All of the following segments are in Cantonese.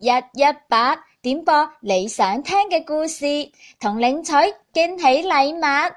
日一一八點播你想聽嘅故事，同領取驚喜禮物。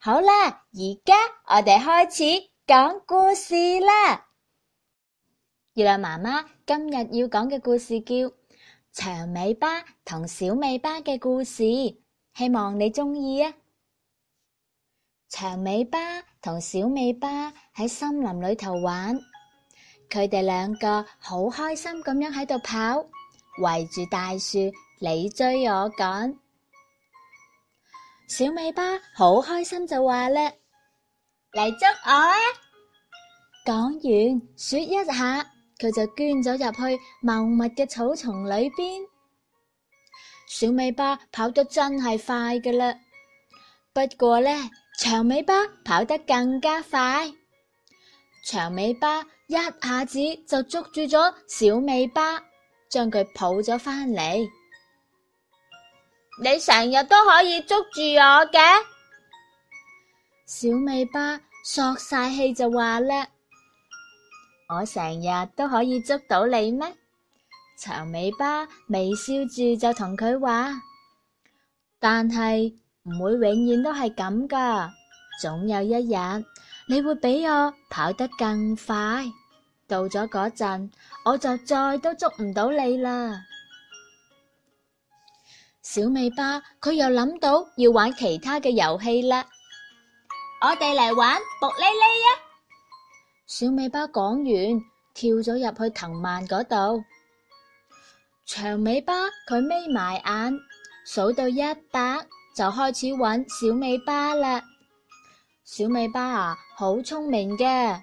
好啦，而家我哋開始講故事啦。月亮媽媽今日要講嘅故事叫《長尾巴同小尾巴嘅故事》，希望你鍾意啊！長尾巴同小尾巴喺森林裏頭玩，佢哋兩個好開心咁樣喺度跑。圍住大樹，你追我趕，小尾巴好開心就話咧，嚟捉我啊！講完說一下，佢就鑽咗入去茂密嘅草叢裏邊。小尾巴跑得真係快㗎喇，不過呢，長尾巴跑得更加快，長尾巴一下子就捉住咗小尾巴。將佢抱咗返嚟，你成日都可以捉住我嘅。小尾巴索晒氣就話叻，我成日都可以捉到你咩？長尾巴微笑住就同佢話，但係唔會永遠都係咁噶，總有一日你會比我跑得更快。到咗嗰陣，我就再都捉唔到你啦。小尾巴佢又諗到要玩其他嘅遊戲啦，我哋嚟玩卜哩哩啊！小尾巴講完，跳咗入去藤蔓嗰度，長尾巴佢眯埋眼數到一百，就開始搵小尾巴啦。小尾巴啊，好聰明嘅。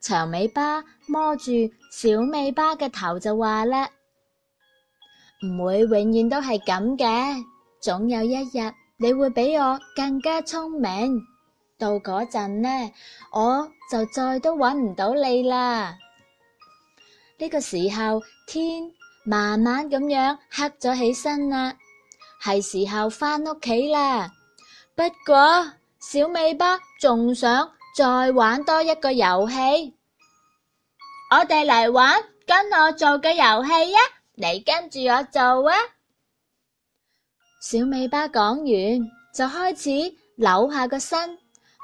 長尾巴摸住小尾巴嘅頭就話啦，唔會永遠都係咁嘅，總有一日你會比我更加聰明，到嗰陣呢，我就再都揾唔到你啦。呢個時候天慢慢咁樣黑咗起身啦，係時候返屋企啦。不過小尾巴仲想。再玩多一個遊戲，我哋嚟玩跟我做嘅遊戲啊！你跟住我做啊！小尾巴講完就開始扭下個身，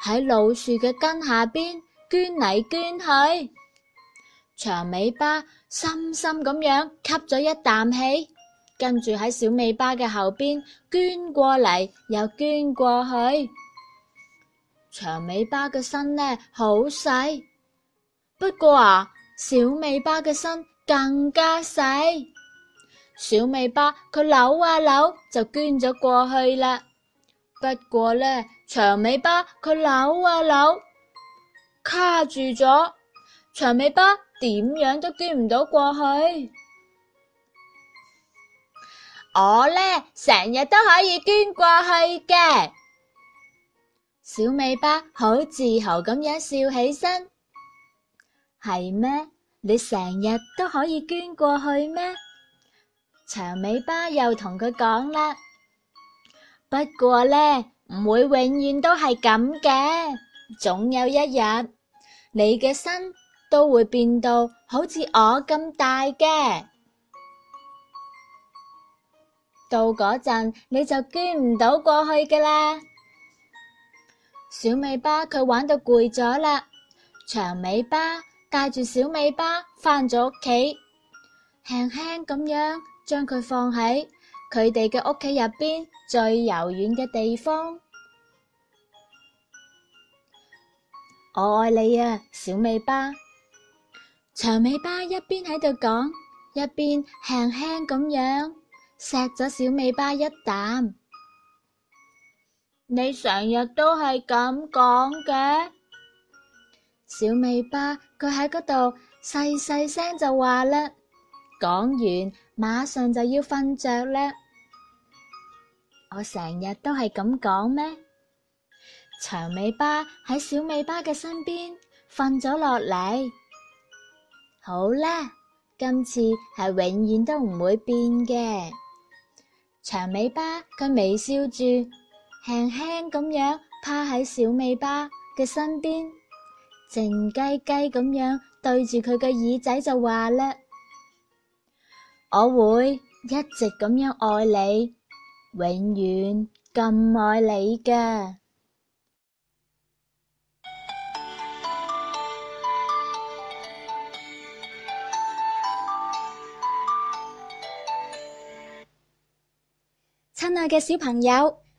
喺老樹嘅根下邊捐嚟捐去。長尾巴深深咁樣吸咗一啖氣，跟住喺小尾巴嘅後邊捐過嚟又捐過去。長尾巴嘅身呢，好細，不過啊，小尾巴嘅身更加細。小尾巴佢扭啊扭，就捐咗過去啦。不過呢，長尾巴佢扭啊扭，卡住咗，長尾巴點樣都捐唔到過去。我呢，成日都可以捐過去嘅。小尾巴好自豪咁樣笑起身。係咩？你成日都可以捐過去咩？長尾巴又同佢講啦。 不過呢，唔會永遠都係咁嘅，總有一日你嘅身都會變到好似我咁大嘅，到嗰陣你就捐唔到過去嘅啦。小尾巴佢玩到攰咗啦，長尾巴帶住小尾巴返咗屋企，輕輕咁樣將佢放喺佢哋嘅屋企入邊最柔軟嘅地方。我愛你啊，小尾巴。長尾巴一邊喺度講，一邊輕輕咁樣錫咗小尾巴一啖。你成日都係咁講嘅，小尾巴佢喺嗰度細細聲就話啦。講完馬上就要瞓着啦。我成日都係咁講咩？長尾巴喺小尾巴嘅身邊瞓咗落嚟。好啦，今次係永遠都唔會變嘅。長尾巴佢微笑住。輕輕咁樣趴喺小尾巴嘅身邊，靜雞雞咁樣對住佢嘅耳仔就話咧：我會一直咁樣愛你，永遠咁愛你嘅。親愛嘅小朋友。